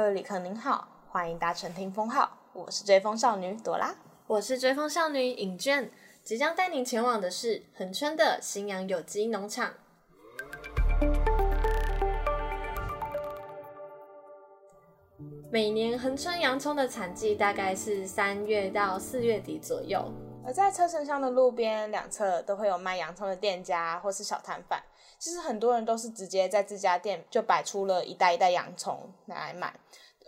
各位旅客您好，歡迎搭乘聽風號。我是追風少女朵拉，我是追風少女尹娟。即將帶您前往的是恆春的欣洋有機農場。每年恆春洋蔥的產季大概是三月到四月底左右，而在車城鄉的路邊兩側都會有賣洋蔥的店家或是小攤販。其實很多人都是直接在自家店就擺出了一袋一袋洋蔥來賣，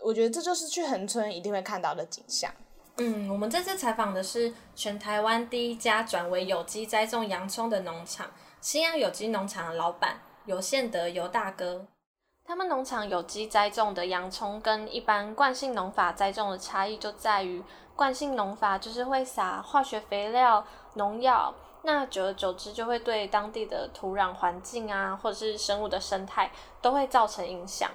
我覺得這就是去恆春一定會看到的景象。嗯，我們這次採訪的是全台灣第一家轉為有機栽種洋蔥的農場——欣洋有機農場的老板尤憲德尤大哥。他們農場有機栽種的洋蔥跟一般慣性農法栽種的差異就在於，慣性農法就是會撒化學肥料、農藥。那久而久之，就會對當地的土壤環境啊，或者是生物的生態，都會造成影響。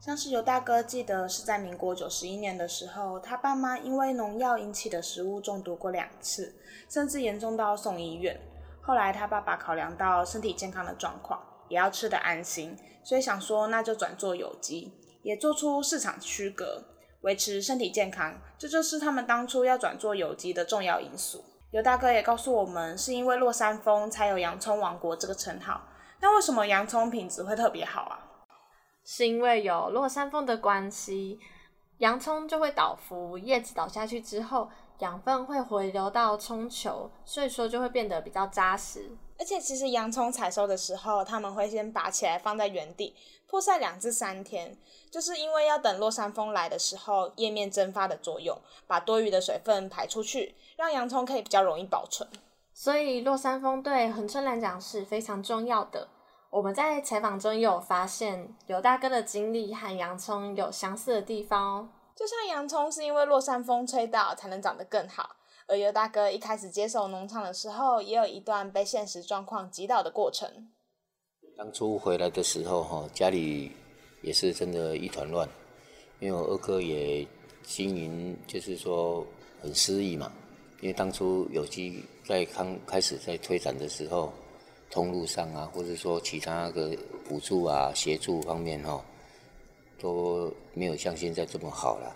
像是尤大哥，記得是在民國九十一年的時候，他爸媽因為農藥引起的食物中毒過兩次，甚至嚴重到送醫院。後來他爸爸考量到身體健康的狀況，也要吃得安心，所以想說那就轉做有機，也做出市場區隔，維持身體健康。這就是他們當初要轉做有機的重要因素。尤大哥也告訴我們，是因為落山風才有洋蔥王國這個稱號。那為什麼洋蔥品質會特別好啊？是因為有落山風的關係，洋蔥就會倒伏，葉子倒下去之後，養分會回流到蔥球，所以說就會變得比較扎實。而且，其實洋蔥採收的時候，他們會先拔起來放在原地，曝曬兩至三天，就是因為要等落山風來的時候，葉面蒸發的作用，把多餘的水分排出去，讓洋蔥可以比較容易保存。所以，落山風對恆春來講是非常重要的。我們在採訪中也有發現，尤大哥的經歷和洋蔥有相似的地方哦，就像洋蔥是因為落山風吹到才能長得更好。而尤大哥一開始接手農場的時候，也有一段被現實狀況擊倒的過程。當初回來的時候，哈，家裡也是真的，一團亂。因為我二哥也經營，就是說很失意嘛。因為當初有機在剛開始在推展的時候，通路上啊，或者說其他的補助啊、協助方面、啊，哈，都沒有像現在這麼好了。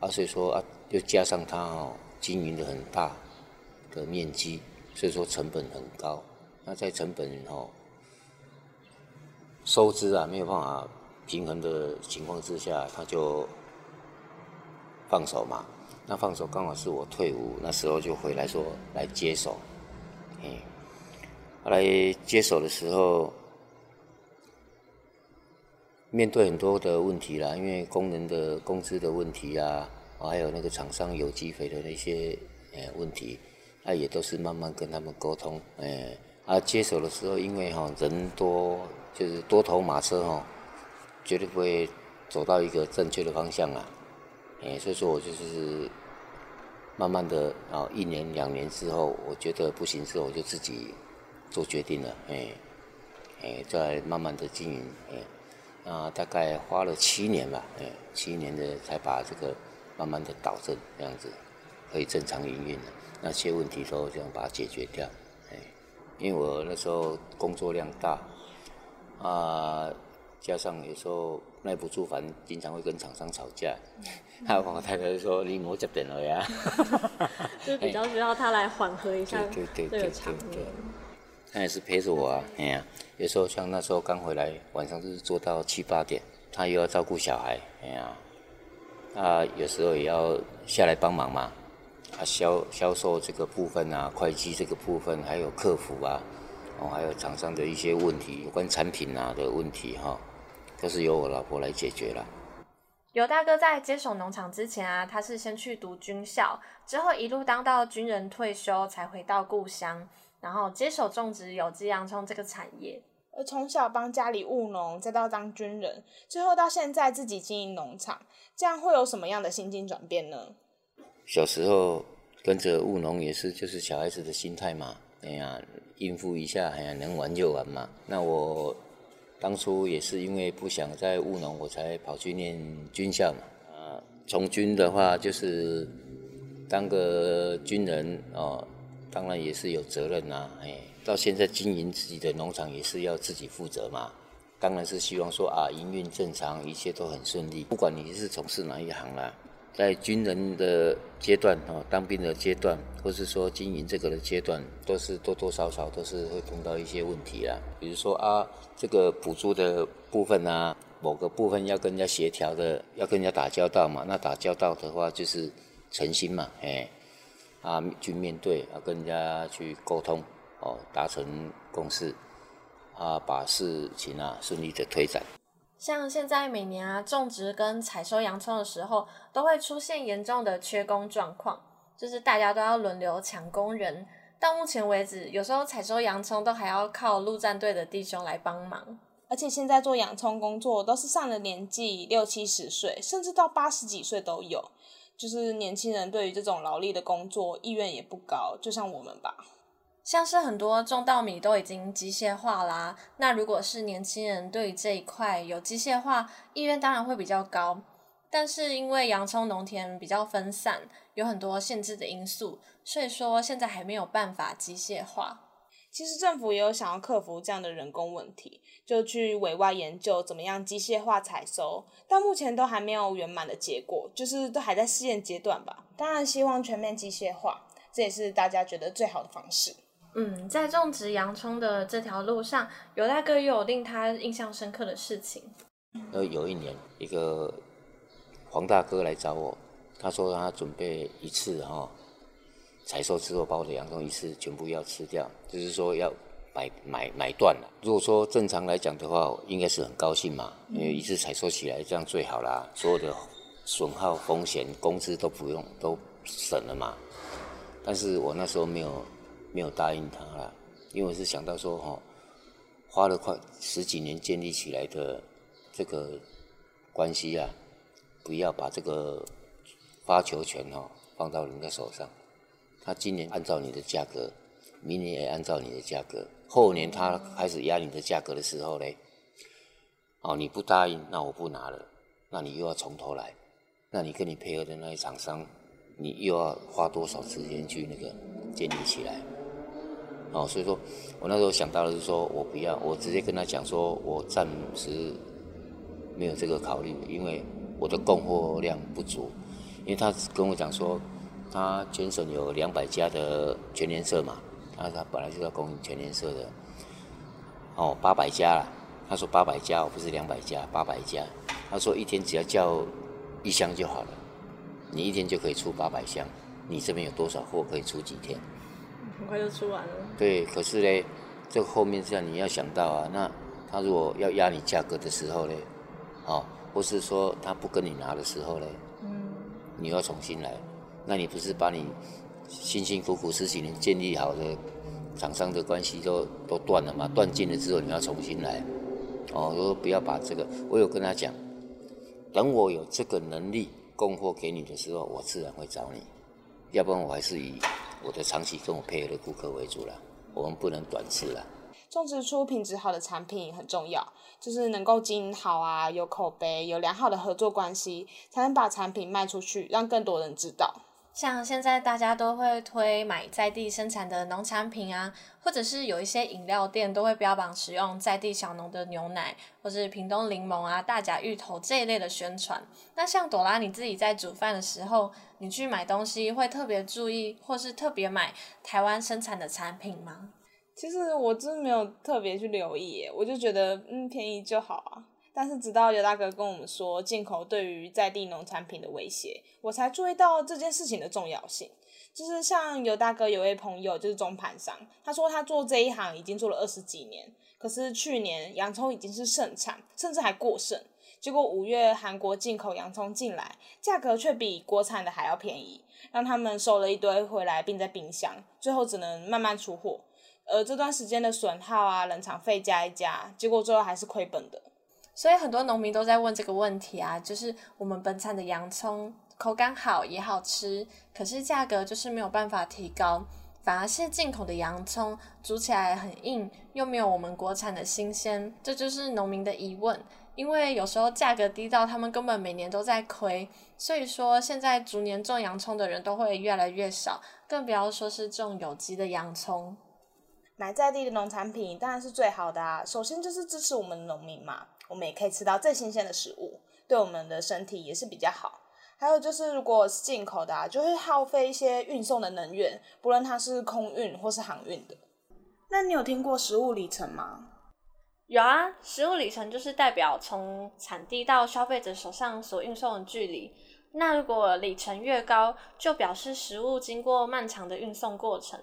而、啊、且說啊，又加上他、啊，哈。經營的很大的面積，所以說成本很高。那在成本以後、哦、收支啊沒有辦法平衡的情況之下，他就放手嘛。那放手剛好是我退伍那時候就回來說來接手。後、嗯啊、來接手的時候，面對很多的問題啦，因為工人的工資的問題啊。還有那個廠商有機肥的那些問題，那也都是慢慢跟他們溝通，哎啊、接手的時候，因為哈人多就是多頭馬車哈，絕對不會走到一個正確的方向啊、哎，所以說我就是慢慢的一年兩年之後，我覺得不行之後，我就自己做決定了，誒、哎、誒、哎、再慢慢的經營，啊、哎、大概花了七年吧，哎、七年的才把這個。慢慢的導正這樣子，可以正常營運了。那些問題都這樣把它解決掉。因為我那時候工作量大，啊、呃，加上有時候耐不住煩，經常會跟廠商吵架。還有、嗯啊、我太太說、嗯、你磨這疼了呀， 就比較需要他來緩和一下對對對對他也是陪着我啊,啊，有時候像那時候剛回來，晚上就是做到七八點，他又要照顧小孩，啊，有時候也要下來幫忙嘛。啊，銷，銷，銷售這個部分啊，會計這個部分，還有客服啊，哦，還有廠商的一些問題，有關產品啊的問題哈、哦，都是由我老婆來解決了。尤大哥在接手農場之前啊，他是先去讀軍校，之後一路當到軍人退休，才回到故鄉，然後接手種植有機洋蔥這個產業。而從小幫家裡務農，再到當軍人，最後到現在自己經營農場，這樣會有什麼樣的心境轉變呢？小時候跟着務農也是，就是小孩子的心態嘛，哎呀、啊，應付一下，哎呀，能玩就玩嘛。那我當初也是因為不想再務農，我才跑去念軍校嘛。啊，從軍的話就是當個軍人哦當然也是有責任吶、啊，哎，到現在經營自己的農場也是要自己負責嘛。當然是希望說啊，營運正常，一切都很順利。不管你是從事哪一行啦，在軍人的階段哦、啊，當兵的階段，或是說經營這個的階段，都是多多少少都是會碰到一些問題啦。比如說啊，這個補助的部分啊，某個部分要跟人家協調的，要跟人家打交道嘛。那打交道的話就是誠心嘛，哎。啊，去面對啊，跟人家去溝通，哦，達成共識，啊，把事情啊順利的推展。像現在每年啊種植跟採收洋蔥的時候，都會出現嚴重的缺工狀況，就是大家都要輪流搶工人。到目前為止，有時候採收洋蔥都還要靠陸戰隊的弟兄來幫忙。而且現在做洋蔥工作都是上了年紀，六七十歲，甚至到八十幾歲都有。就是年輕人對於這種勞力的工作意願也不高，就像我們吧。像是很多種稻米都已經機械化啦啊，那如果是年輕人對於這一塊有機械化意願，當然會比較高。但是因為洋蔥農田比較分散，有很多限制的因素，所以說現在還沒有辦法機械化。其實政府也有想要克服這樣的人工問題，就去委外研究怎麼樣機械化採收，但目前都還沒有圓滿的結果，就是都還在試驗階段吧。當然，希望全面機械化，這也是大家覺得最好的方式。嗯，在種植洋蔥的這條路上，尤大哥有令他印象深刻的事情。呃，有一年，一個黃大哥來找我，他說他準備一次哈。採收之後把我的洋蔥一次全部要吃掉，就是說要買買買斷了。如果說正常來講的話，應該是很高興嘛，因為一次採收起來這樣最好啦，所有的損耗風險、工資都不用都省了嘛。但是我那時候沒有沒有答應他啦，因為我是想到說哈、哦，花了快十幾年建立起來的這個關係啊，不要把這個發球權哦，放到人家手上。他今年按照你的價格，明年也按照你的價格，後年他開始壓你的價格的時候嘞，哦，你不答應，那我不拿了，那你又要從頭來，那你跟你配合的那些廠商，你又要花多少時間去那個建立起來？哦，所以說我那時候想到的是說，我不要，我直接跟他講說，我暫時沒有這個考慮，因為我的供貨量不足，因為他跟我講說。他全省有兩百家的全聯社嘛，他、啊、他本來是要供應全聯社的，哦，八百家啦，他說八百家，我不是兩百家，八百家，他說一天只要叫一箱就好了，你一天就可以出八百箱，你這邊有多少貨可以出幾天？很快就出完了。對，可是咧，這個、後面這樣你要想到啊，那他如果要壓你價格的時候咧，哦，或是說他不跟你拿的時候咧，嗯、你又要重新來。那你不是把你辛辛苦苦十幾年建立好的廠商的關係都都斷了嗎？斷盡了之後，你要重新來哦！如果不要把這個。我有跟他講，等我有這個能力供貨給你的時候，我自然會找你。要不然我還是以我的長期跟我配合的顧客為主了。我們不能短視了。種植出品質好的產品很重要，就是能夠經營好啊，有口碑，有良好的合作關係，才能把產品賣出去，讓更多人知道。像現在大家都會推買在地生產的農產品啊，或者是有一些飲料店都會標榜使用在地小農的牛奶，或是屏東檸檬啊、大甲芋頭這一類的宣傳。那像朵拉，你自己在煮飯的時候，你去買東西會特別注意，或是特別買台灣生產的產品嗎？其實我真沒有特別去留意，我就覺得嗯，便宜就好啊。但是直到尤大哥跟我們說進口對於在地農產品的威脅，我才注意到這件事情的重要性。就是像尤大哥有位朋友就是中盤商，他說他做這一行已經做了二十幾年，可是去年洋蔥已經是盛產，甚至還過剩。結果五月韓國進口洋蔥進來，價格卻比國產的還要便宜，讓他們收了一堆回來冰在冰箱，最後只能慢慢出貨。而這段時間的損耗啊、冷藏費加一加，結果最後還是虧本的。所以很多農民都在問這個問題啊，就是我們本產的洋蔥口感好也好吃，可是價格就是沒有辦法提高，反而是進口的洋蔥煮起來很硬，又沒有我們國產的新鮮，這就是農民的疑問。因為有時候價格低到他們根本每年都在虧，所以說現在逐年種洋蔥的人都會越來越少，更不要說是種有機的洋蔥。買在地的農產品當然是最好的啊！首先就是支持我們農民嘛，我們也可以吃到最新鮮的食物，對我們的身體也是比較好。還有就是，如果是進口的啊，就會耗費一些運送的能源，不論它是空運或是航運的。那你有聽過食物里程嗎？有啊，食物里程就是代表從產地到消費者手上所運送的距離。那如果里程越高，就表示食物經過漫長的運送過程。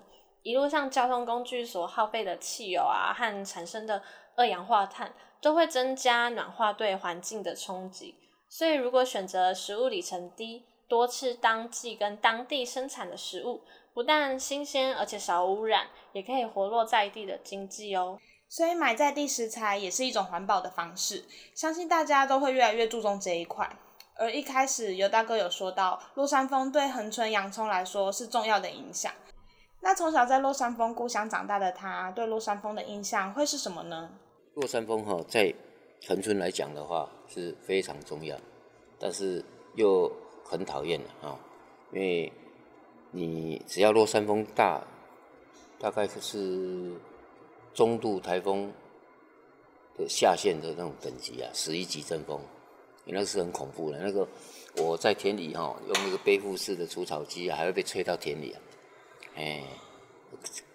一路上交通工具所耗費的汽油啊，和產生的二氧化碳都會增加暖化對環境的衝擊。所以如果選擇食物里程低，多吃當季跟當地生產的食物，不但新鮮而且少汙染，也可以活絡在地的經濟哦、喔。所以買在地食材也是一種環保的方式，相信大家都會越來越注重這一塊。而一開始尤大哥有說到，落山風對恆春洋蔥來說是重要的影響。那從小在落山風故鄉長大的他，對落山風的印象會是什麼呢？落山風哈，在恆春來講的話是非常重要，但是又很討厭的，因為你只要落山風大，大概就是中度台風的下限的那種等級啊，十一級陣風，那是很恐怖的。那個我在田裡哈，用那個背負式的除草機，還會被吹到田裡啊。哎、欸，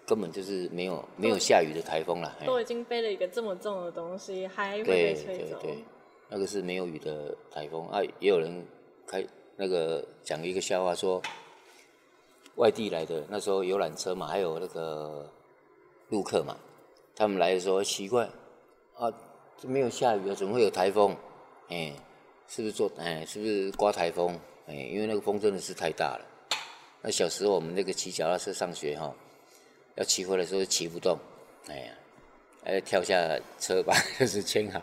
根本就是沒有沒有下雨的台風了。都已經背了一個這麼重的東西，還會被吹走？對對對，那個是沒有雨的台風啊！也有人開那個講一個笑話說，說外地來的那時候遊覽車嘛，還有那個陸客嘛，他們來的時候奇怪啊，這沒有下雨啊，怎麼會有台風？哎、欸，是不是做哎、欸？是不是颳台風？哎、欸，因為那個風真的是太大了。那小時候我們那個騎腳踏車上學哈，要騎回來的時候騎不動，哎呀，還要跳下車把車子牽好。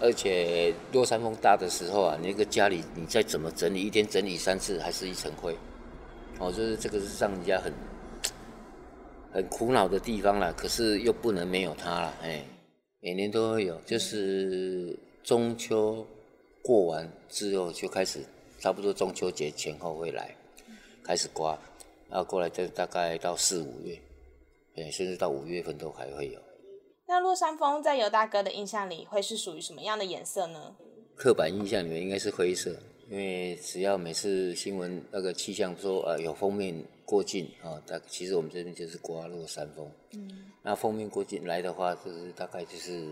而且落山風大的時候啊，那個家裡你再怎麼整理，一天整理三次還是一層灰。哦，就是這個是讓人家很很苦惱的地方了。可是又不能沒有它了，哎，每年都會有，就是中秋過完之後就開始，差不多中秋節前後會來。開始颳，然後過來，就大概到四五月，甚至到五月份都還會有。那落山風在尤大哥的印象裡，會是屬於什麼樣的顏色呢？刻板印象裡面應該是灰色，因為只要每次新聞那個氣象說啊、呃、有鋒面過境啊、呃，其實我們這邊就是颳落山風。嗯。那鋒面過境來的話，就是大概就是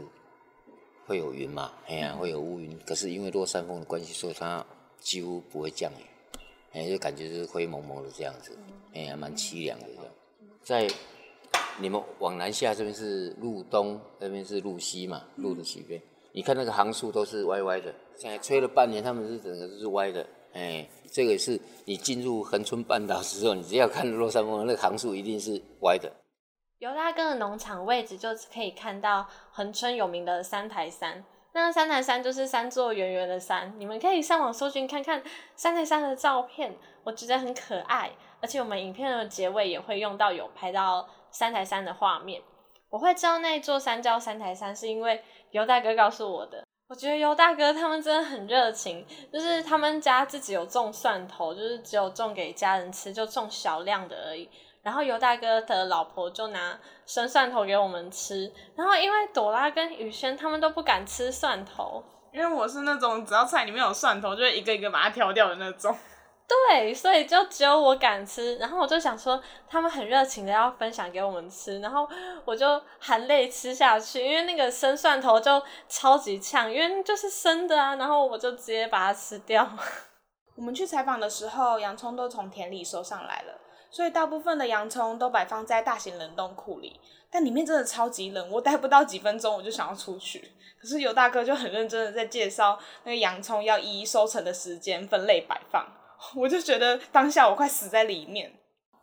會有雲嘛、啊，會有烏雲。嗯、可是因為落山風的關係，所以它幾乎不會降雨。哎、欸，就感覺是灰濛濛的這樣子，哎、欸，還蠻淒涼的這樣。在你們往南下這邊是路東，那邊是路西嘛，路的西邊。你看那個行樹，都是歪歪的，現在吹了半年，他們是整個都是歪的。哎、欸，這個也是你進入恆春半島之後，你只要看落山風，那個行樹一定是歪的。尤大哥的農場位置，就是可以看到恆春有名的三台山。那三台山就是三座圓圓的山，你們可以上網搜尋看看三台山的照片，我覺得很可愛。而且我們影片的結尾也會用到有拍到三台山的畫面。我會知道那座山叫三台山，是因為尤大哥告訴我的。我覺得尤大哥他們真的很熱情，就是他們家自己有種蒜頭，就是只有種給家人吃，就種小量的而已。然後尤大哥的老婆就拿生蒜頭給我們吃，然後因為朵拉跟宇軒他們都不敢吃蒜頭，因為我是那種只要菜裡面有蒜頭就一個一個把它挑掉的那種。對，所以就只有我敢吃。然後我就想說，他們很熱情的要分享給我們吃，然後我就含淚吃下去，因為那個生蒜頭就超級嗆，因為就是生的啊。然後我就直接把它吃掉。我們去採訪的時候，洋蔥都從田裡收上來了。所以大部分的洋蔥都擺放在大型冷凍庫裡，但裡面真的超級冷，我待不到幾分鐘我就想要出去。可是尤大哥就很認真的在介紹那個洋蔥要依收成的時間分類擺放，我就覺得當下我快死在裡面。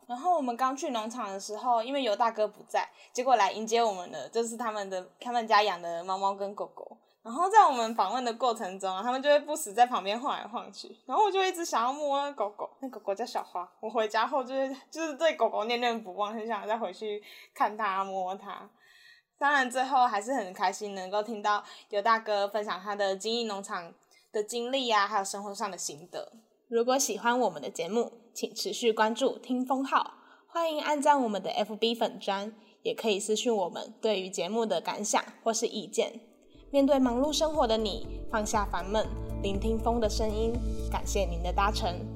然後我們剛去農場的時候，因為尤大哥不在，結果來迎接我們的就是他們的他們家養的貓貓跟狗狗。然後在我們訪問的過程中，他們就會不時在旁邊晃來晃去。然後我就一直想要摸那狗狗，那狗狗叫小花。我回家後就是就是對狗狗念念不忘，很想再回去看它、摸它。當然最後還是很開心，能夠聽到尤大哥分享他的經營農場的經歷呀、啊，還有生活上的心得。如果喜歡我們的節目，請持續關注聽風號，歡迎按讚我們的 FB 粉專，也可以私訊我們對於節目的感想或是意見。面對忙碌生活的你，放下煩悶，聆聽風的聲音，感謝您的搭乘。